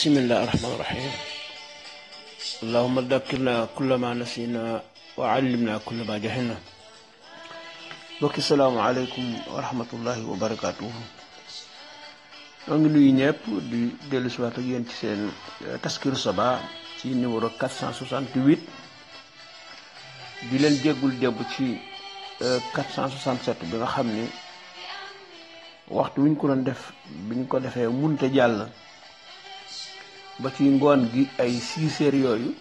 بسم الله الرحمن الرحيم اللهم ذكرنا كل ما نسينا وعلمنا كل ما جهلنا mbokki salaamaaleykum wa rahmatullahi wa barakaatuhu ñoo ngi nuyu di dellu siwaat ak yéen ci seen eh, taskiru saba ci numéro di leen jéggul démb ci 467 eh, bi nga xam ni waxtu wi ñu ko doon def bi ñu ko defee munte jàll ba ci ngoon gi ay six yooyu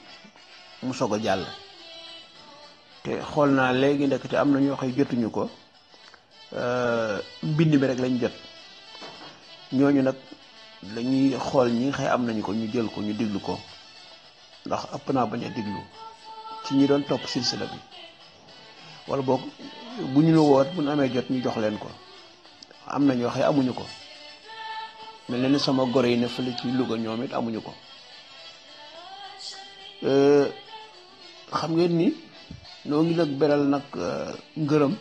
mu soog a jàll te xool naa léegi ndekk te am na ñoo xëy jotuñu ko euh, mbind mi rek lañ jot ñooñu nag lañuy xool ñi xëy am nañu ko ñu jël ko ñu diglu ko ndax ëpp naa bañ a diglu ci ñu doon topp silsila bi wala boog bu ñu la woot bu ñu amee jot ñu jox leen ko am na ñoo xëy amuñu ko mel na ni sama goro yi ne fële ci Louga ñoom it amuñu ko euh, xam ngeen ni noo ngi nag beral nag euh, ngërëm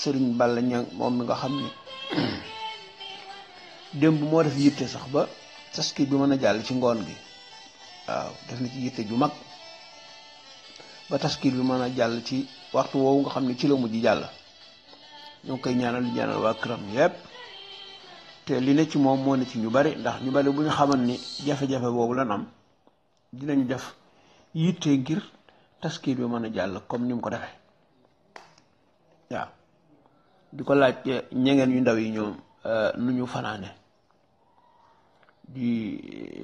sëriñ Balla Niang moom mi nga xam ni démb moo def yitte sax ba taski bi mën a jàll ci ngoon gi waaw def na ci yitte ju mag ba taskir bi mën a jàll ci waxtu woowu nga xam ne ci la mujj jàll ñoo koy ñaanal ñaanal waa këram yépp te li ne ci moom moo ne ci ñu bari ndax ñu bari bu ñu xamal ni jafe-jafe boobu lan am dinañ def yitte ngir taskiir bi mën a jàll comme ni mu ko defee waaw di ko laaj ñengeen yu ndaw yi ñoom euh, nu ñu fanaane di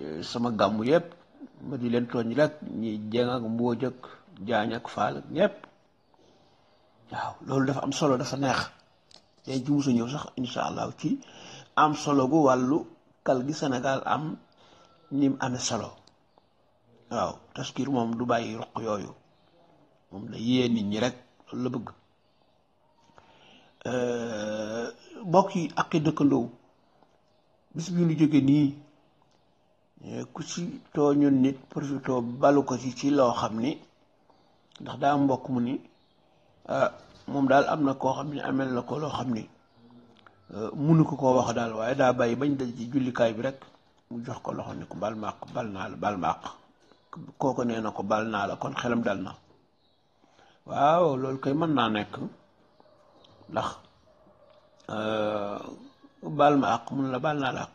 euh, sama gàmmu yépp ma di leen tooñ rek ñi jeng ak mbooj ak jaañ ak faal ak ñëpp waaw loolu dafa am solo dafa neex dañ ci musa ñëw sax insha allahu ci am solo gu wàllu kal gi Sénégal am nim ame solo waaw taskir moom du bàyyi ruq yooyu moom da yee nit ñi rek loolu la bëgg euh, mbokk yi ak dëkkandoo bis bi ñu jóge nii eh, ku ci tooñul nit profité balu ko ci ci loo xam ni ndax daa mbokk mu ni ah, moom daal am na koo xam ne amel na ko loo xam ni Euh, munu ko koo wax daal waaye daa bàyyi bañ daj ci jullikaay bi rek mu jox ko loxo ne ko bal maaq bal naa la bal maaq kooku nee na ko bal naa la kon xelam dal na waaw loolu kay mën naa nekk ndax euh, bal àq mun la bal naa la àq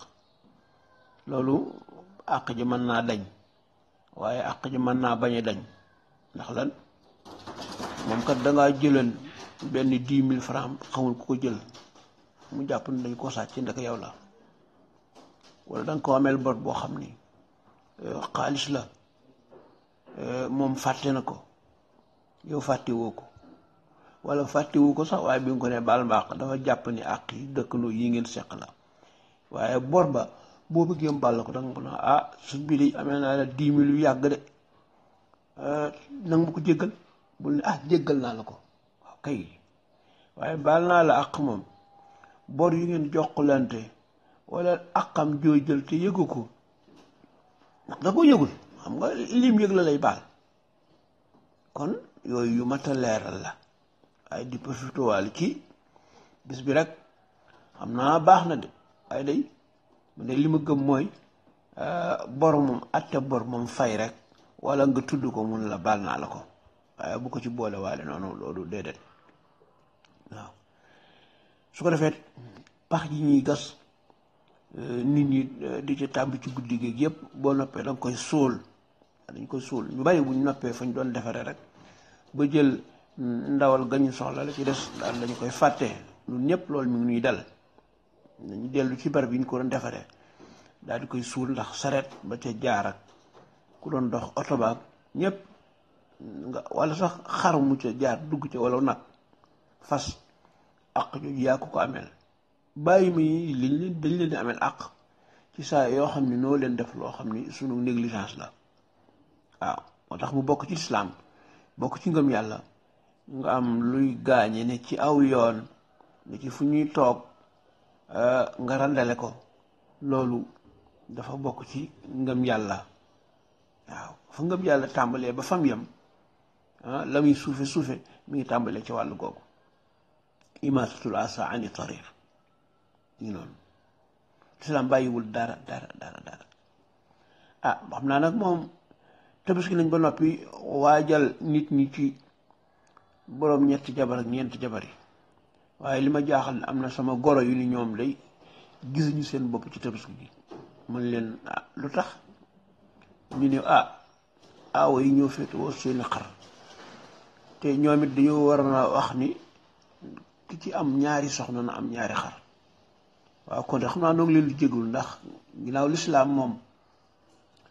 loolu àq ji mën naa dañ waaye àq ji mën naa bañ a dañ ndax lan moom kat dangaa jëlan benn dix mille francs xamul ku ko jël mu jàpp ne dañ ko sàcc ndek yow la wala da nga ko ameel bor boo xam ni euh, xaalis la euh, moom fàtte na ko yow fàttewoo ko wala fàttewu ko sax waaye bi nga ko ne baal mbaax dafa jàpp ni àq yi dëkkaloo yi ngeen seq la waaye bor ba boo bëggee baal la ko danga ko ne ah su bi di amee naa la dix mille yu yàgg de euh, nang ma ko jéggal bul ne ah jéggal naa la ko kay waaye baal naa la àq moom bor yu ngeen jokkalante wala akam joo jël te yëgu ko ndax da ko yëgul xam nga lim yëg la lay baal kon yooyu yu mat a leeral la ay di profitowaal ci bis bi rek xam naa baax na de ay day mu ne li ma gëm mooy euh, bor moom atte bor moom fay rek wala nga tudd ko mun la baal naa la ko waaye bu ko ci boole waale noonu loolu déedéet waaw su ko defee pax yi ñuy gas euh, nit ñi euh, di ci tàmb ci guddi gi yëpp boo noppee da nga koy suul dañ koy suul ñu bari buñ noppee fañ doon defaree rek ba jël ndawal gañu soxla la ci des daal dañ koy fàtte ñun ñëpp loolu ñu ngi ñuy dal dañu dellu ci barab yi ñu ko doon defaree daal di koy suul ndax saret ba ca jaar ak ku doon dox oto baag ñëpp nga sax xar mu ca jaar dugg ca wala nag fas àq jooju yaa ko ameel bàyyi ma yi liñ leen dañ leen di ameel àq ci saa yoo xam ne noo leen def loo xam ni sunu négligence la waaw moo tax mu bokk ci islaam bokk ci ngëm yàlla nga am luy gaañe ne ci aw yoon ne ci fu ñuy toog euh, nga randale ko loolu dafa bokk ci ngëm yàlla waaw fa ngëm yàlla tàmbalee ba fam yam ah, la muy suufe suufe mi ngi tàmbalee ci wàllu googu imaatatu asa ani tarif ñu noonu lislaam bàyyiwul dara dara dara ah xam naa nag moom tabaski nañ ba noppi waajal nit ñi ci boroom ñetti jabar ak ñeenti jabar yi waaye li ma jaaxal am na sama goro yu ni ñoom day gisuñu seen bopp ci tabaski gi mun leen lu tax ñu ne ah aawo yi ñoo féetewoo seeni xar te ñoom dañoo war na wax ni ki ci am ñaari soxna na am ñaari xar waaw kon de xam naa noo ngi leen di jégul ndax ginnaaw lislaam moom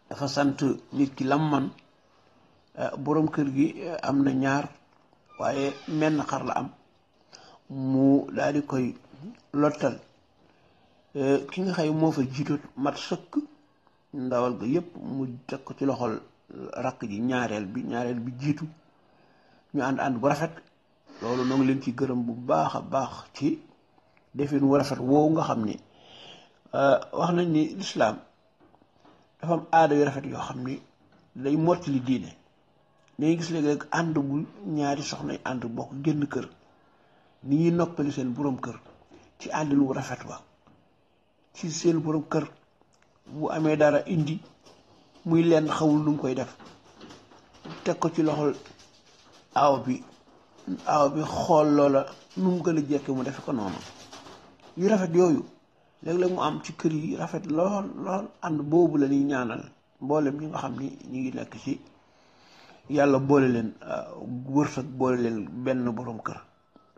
dafa sant nit ki lam man eh, boroom kër gi eh, am na ñaar waaye menn xar la am mu daal di koy lottal eh, ki nga xëy moo fa jiitoot mat sëkk ndawal ga yépp mu teg ko ci loxol rakk ji ñaareel bi ñaareel bi jiitu ñu ànd ànd bu rafet loolu noo leen ci gërëm bu baax a baax ci defeen wu rafet woowu nga xam ni euh, wax nañ ni lislaam dafa aada yu rafet yoo xam ni day li diine dañuy gis léegi rek ànd bu ñaari soxna yi ànd bokk génn kër ni ñuy noppali seen borom kër ci àndin wu rafet wa ci seen borom kër bu amee dara indi muy lenn xawul lu mu koy def teg ko ci loxol aaw bi aw bi xool loola nu mu gën a jekke mu def ko noonu yu rafet yooyu léeg-léeg mu am ci kër yi rafet lool lool ànd boobu la ñuy ñaanal mboolem ñi nga xam ni ñu ngi nekk ci yàlla boole leen uh, wërsëg boole leen benn borom kër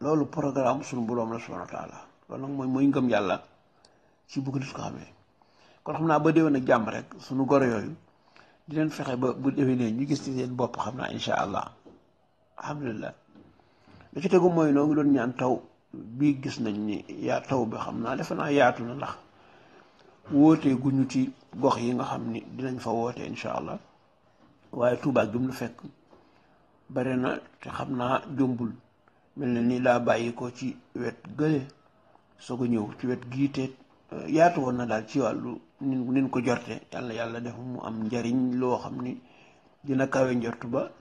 loolu programme suñu borom la subhanahu wa taala loolu mooy mooy ngëm yàlla ci bëgg nit ko xamee kon xam naa ba déwén ak jàmb rek suñu goro yooyu di leen fexe ba bu déwénee ñu gis ci seen bopp xam naa incha allah alhamdulilah li ci tegu mooy noo ngi doon ñaan taw bii gis nañ ni yaa taw bi xam naa defa naa yaatu na ndax wootee guñu ci gox yi nga xam ni dinañ fa woote incha allah waaye tuubaak jum lu fekk bare na te xam naa jombul mel na ni daa bàyyi ko ci wet gële soo ko ñëw ci wet gii euh, yaatu woon na daal ci wàllu nin nin ko jorte yàlla yàlla def mu am njariñ loo xam ni dina kawe njort ba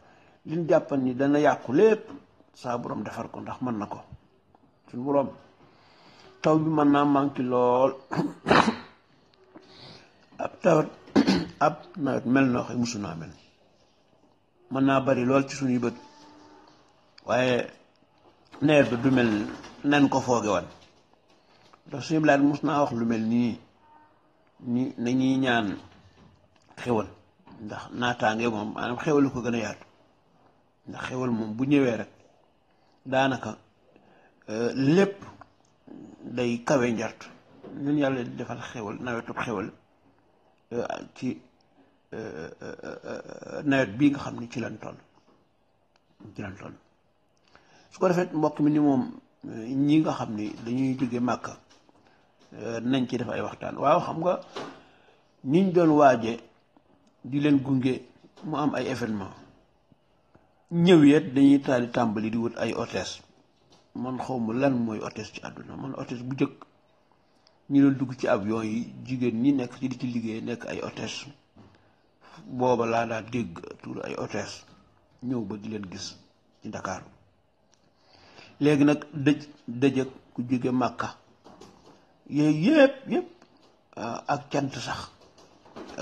liñ jàppan ni dana yàqu lépp saa borom defar ko ndax mën na ko suñu borom taw bi mën naa manqué lool ab tawat ab nawet mel noo xam musu mel mën naa bari lool ci suñuy bët waaye nawet bi du mel nen ko fooge wan ndax suñu bilaat mus naa wax lu mel nii ni nañuy ñaan xewal ndax naataange moom maanaam xewal ko gën a yaatu ndax xewal moom bu ñëwee rek daanaka euh, lépp day kawe njart ñun yàlla defal xewal nawetub xewal euh, ci euh, nawet bii nga xam ni ci lan toll ci lan toll su ko defee mbokk mi ni moom ñi nga xam ni dañuy jóge màkka nañ ci def ay waxtaan waaw xam nga niñ doon waaje di leen gunge mu am ay événement ñëwee dañuy taal tàmbali di wut ay hôtesse man xaw ma lan mooy hôtesse ci àdduna man hôtesse bu njëkk ñu doon dugg ci avion yi jigéen ñi nekk ci di ci liggéey nekk ay hôtesse booba laa daa dégg tur ay hôtesse ñëw ba di leen gis ci ndakaaru léegi nag dëj dëjëk ku jóge Màkka yooyu yëpp yëpp ah, ak cant sax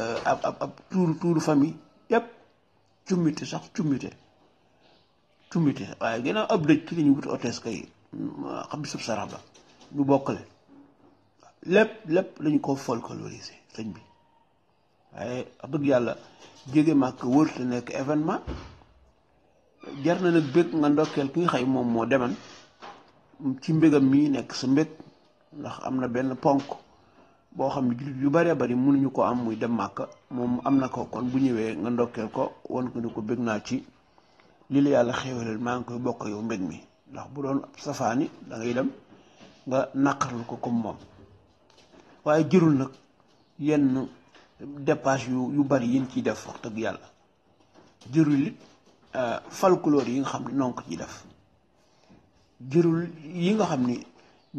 ah, ab ab ab tuuru tuuru famille yëpp cummite sax cummite tumiti waaye ginnaaw ab dëj ci la ñu wuti otes kay xam bi sub sarax ba ñu bokkale lépp lépp lañu ko folkloriser sëñ bi waaye wax yàlla jóge màkk wërte nekk événement jar na nag bëgg nga ndokkeel ki nga xay moom moo deman ci mbégam mii nekk sa mbég ndax am na benn ponk boo xam ne jullit yu bëree bari mënuñu ko am muy dem màkk moom am na ko kon bu ñëwee nga ndokkeel ko won ko ni ko bëgg naa ci li la yàlla xéewalal maa ngi koy bokk yow mbég mi ndax bu doon safaani da ngay dem nga naqarlu ko comme moom waaye jërul nag yenn dépense yu yu bari yi ciy def wax dëgg yàlla jërul it euh, folklore yi nga xam ne non ciy def jërul yi nga xam ni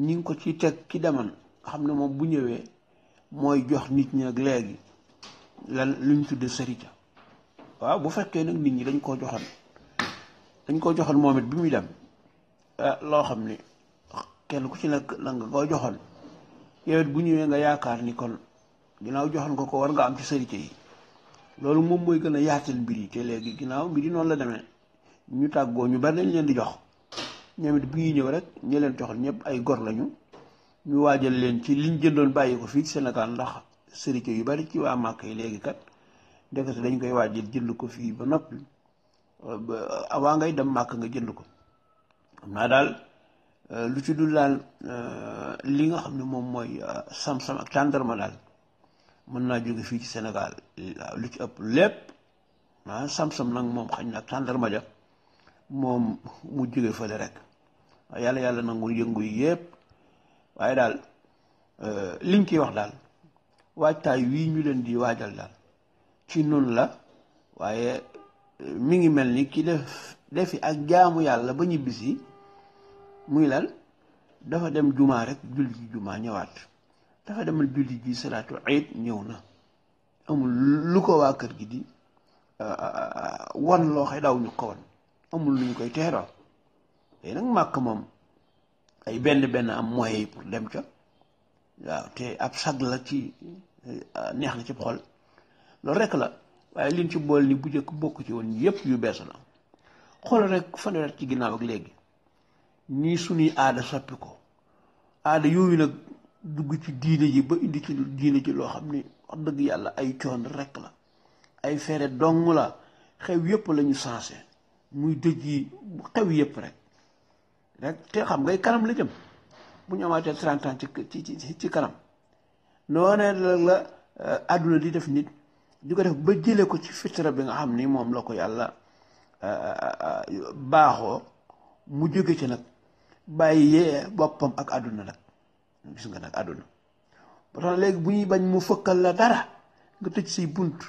ñi ko ci teg ki deman nga xam ne moom bu ñëwee mooy jox nit ñi ak léegi lan luñ tudde sërita waaw bu fekkee nag nit ñi dañ koo joxoon dañ ko joxoon moom it bi muy dem eh, loo xam ne kenn ku ci nekk la nga koo joxoon yow bu ñëwee nga yaakaar ni kon ginnaaw joxoon ko ko war nga am ci sërite yi loolu moom mooy gën a yaatal mbir yi te léegi ginnaaw mbir yi noonu la demee ñu tàggoo ñu bari dañ leen di jox ñoom it bu ñuy ñëw rek ñu leen joxoon ñëpp ay gor lañu ñu waajal leen ci liñ jëndoon bàyyi ko fii senegaal ndax sërite yu bari ci waa Màkka yi léegi kat ndekete dañ koy waajal jënd ko fii ba noppi. Euh, avant ngay dem màkk nga jënd ko xam naa daal euh, lu ci dul daal euh, li nga xam ne moom mooy sam-sam ak tàndarma daal mën naa jóge fii ci senegal lu ci ëpp lépp ah sam nag moom xañ na ak tàndarma ja moom mu jóge fële rek ah, yàlla yàlla nangul yëngu yi yépp waaye daal liñ ciy wax daal waajtaay wi ñu leen di waajal daal ci noonu la waaye mi ngi mel ni ki def defi ak jaamu yàlla ba ñibbisi muy lan dafa dem jumaa rek julli ji jumaa ñëwaat dafa demal julli ji salaatu eid ñëw na amul lu ko waa kër gi di wan loo xëy daw ñu ko wan amul lu ñu koy teeroo tey nag màkk moom ay benn benn am moyens yi pour dem ca waaw te ab sag la ci neex na ci xol loolu rek la waaye lii ci bool ni bu njëkk bokk ci woon yépp yu bees la xool rek fanweer ci ginnaaw ak léegi nii suñuy aada soppi ko aada yooyu nag dugg ci diine ji ba indi ci diine ji loo xam ni wax dëgg yàlla ay coon rek la ay fere dong la xew yépp lañu sensé muy dëj yi xew yépp rek rek te xam ngay kanam la jëm bu ñu amaatee trente ans ci ci ci kanam noonee la la euh, àdduna def nit di ko def ba jële ko ci fitra bi nga xam ni moom loo ko yàlla euh, euh, euh, baaxoo mu jóge ci nag bàyyi boppam ak àdduna nag gis nga nag àdduna ba tax léegi bu ñuy bañ mu fëkkal la dara nga tëj si bunt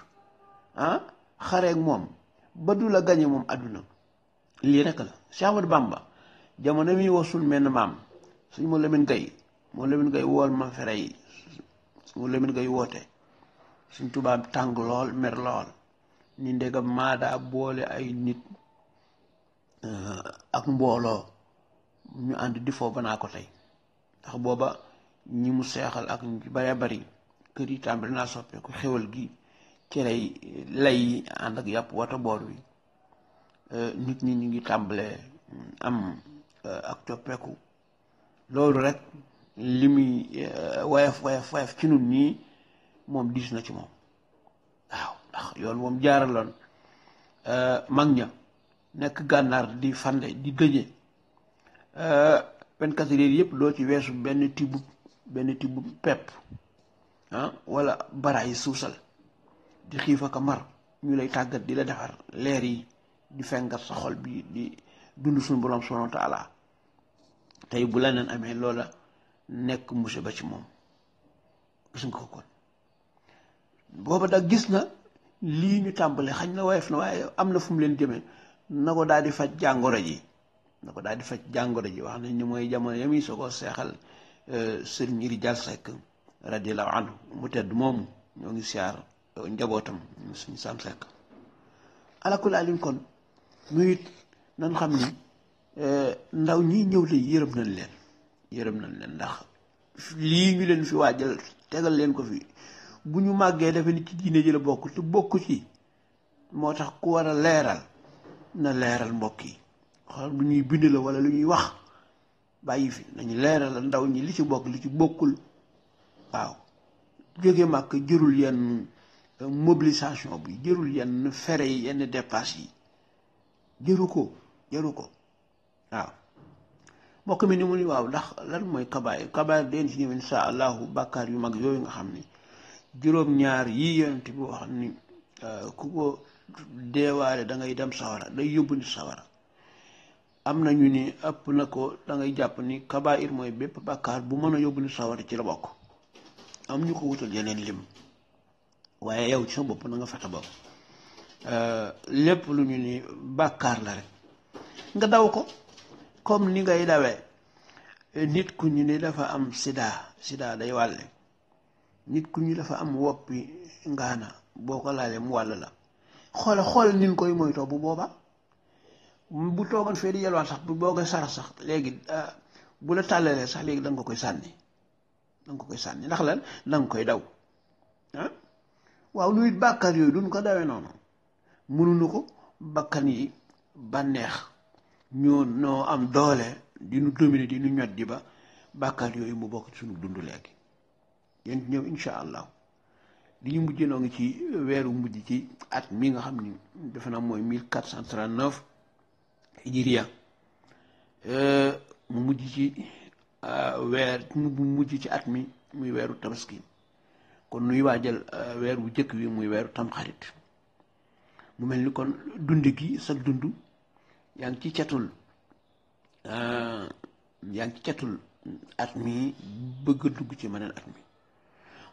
ah xareeg moom ba du la gañe moom àdduna lii rek la Cheikh Ahmadou Bamba jamono mi wasul menn maam suñ moo Lamine Gaye moo Lamine Gaye wool ma fere yi moo Lamine Gaye woote suñ tubaab tàng lool mer lool ni ndegam maadaa boole ay nit eh, ak mbooloo ñu ànd di foo ba naa ko tey ndax booba ñi mu seexal ak ñu bare bari kër yi tàmbali naa soppeeku xewal gi ci lay lay yi ànd ak yàpp wata boor wi eh, nit ñi ñu ngi tàmbalee mm, am eh, ak coppeeku loolu rek li muy woyof woyof woyof ci nu ñii moom diis na ci moom waaw ndax yoon moom jaaraloon euh, mag ña nekk gànnaar di fande di dëje euh, vingt-quatre heures yëpp doo ci weesu benn tibu benn tibu pepp ah wala baraay suusal di xiif ak a mar ñu lay tàggat di la defar leer yi di fengat sa xol bi di dund suñu borom subhanahu wa taala tey bu la neen amee loola nekk musiba ci moom gis nga ko kon booba da gis na lii ñu tàmbale xañ na woyof na waaye am na fu mu leen jëmee na ko daal di faj jàngoro ji na ko daal di faj jàngoro ji wax nañ ni mooy jamono ya muy soo ko seexal sëriñ Rijaal euh, Sekk radiyallaahu anhu mu tedd moomu ñoo ngi siyaar njabootam suñu Sam Sekk alakul alin kon muy it nan xam ni euh, ndaw ñi ñëw la yërëm nañ leen yërëm nañ leen ndax lii ñu leen fi waajal tegal leen ko fi bu ñu màggee dafa nit ci diine ji la bokk te bokk ci moo tax ku war a leeral na leeral mbokk yi xool lu ñuy bind la wala lu ñuy wax bàyyi fi nañu leeral ndaw ñi li ci bokk li ci bokkul waaw jóge màkk jërul yenn euh, mobilisation bi jërul yenn fere yi yenn dépense yi jëru ko jëru ko waaw mbokk mi ni mu ni waaw ndax lan mooy kabaay kabaay den si ñëw insha allahu bàkkaar yu mag yooyu nga xam ni juróom-ñaar yii yonent bi wax ni euh, ku ko deewaale da dem sawara day yóbbu ni sawara am na ñu ni ëpp na ko dangay jàpp ni kabair mooy bépp bàkkaar bu mën a yóbbu ni sawara ci la bokk am ñu ko wutal yeneen lim waaye yow ci sa bopp na nga fexe ba euh, lépp lu ñu ni bàkkaar la rek nga daw ko comme ni ngay dawee nit ku ñu ni dafa am sida sida day wàlle nit ku ñu dafa am woppi ngaana boo ko laalee mu wàll la xool xool nin koy moytoo bu booba bu toogoon fee di yelwaan sax bu boogee sarax sax léegi ah, bu la tàllalee sax léegi danga ko koy sànni da ko koy sànni ndax la da koy daw ah? waaw lu it bàkkaar yooyu duñ ko dawe noonu mënuñu ko bakkan yi bànneex ñoo noo am doole di nu dominer di nu ñot di ba bàkkaar yooyu mu bokk ci suñu dund léegi yéen ñëw incha allah li ñu mujjee noo ngi ci weeru mujj ci at mi nga xam ni defe naa mooy 1439 hijriya mu mujj ci euh, weer mu mujj ci at mi muy weeru tabaski kon nuy waajal euh, weer wu jëkk wi muy weeru tamxarit mu mel ni kon dund gi sag dund yaa ngi ci catul euh, yaa ngi ci catul at mi bëgg dugg ci meneen at mi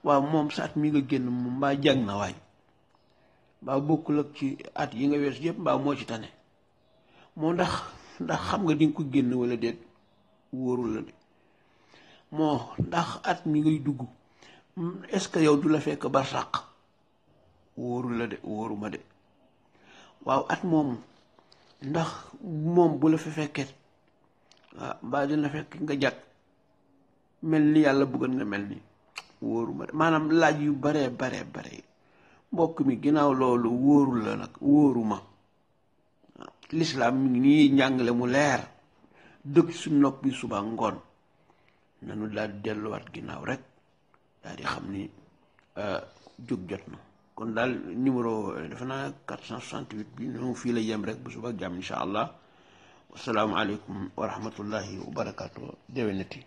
waaw moom sa at mi nga génn moom mbaa jàng na waay mbaa bokkul ak ci at yi nga wees yëpp mbaa moo ci tane moo ndax ndax xam nga di nga ko génn walla déet wóorul la de moo ndax at mi ngay dugg est-ce yow du la fekk ba sàq wóorul la de wóoruma de waaw at moomu ndax moom bu la fi fekkee waaw ah mbaa dina fekk nga jàkk mel ni yàlla bëggoon nga mel nii wóoruma maanaam laaj yu baree bare bare mbokk mi ginnaaw loolu wóoru la nag wóoruma lislaam mi ngi nii njàngale mu leer dëkk suñ nopp bi suba ngoon nu daal di delluwaat ginnaaw rek daal di xam ni euh, jóg jot na kon daal numéro defe naa 468 bi noonu fii la yem rek bu suba jàmm incha allah wasalaamualeykum wa rahmatullahi wa barakatu déwénati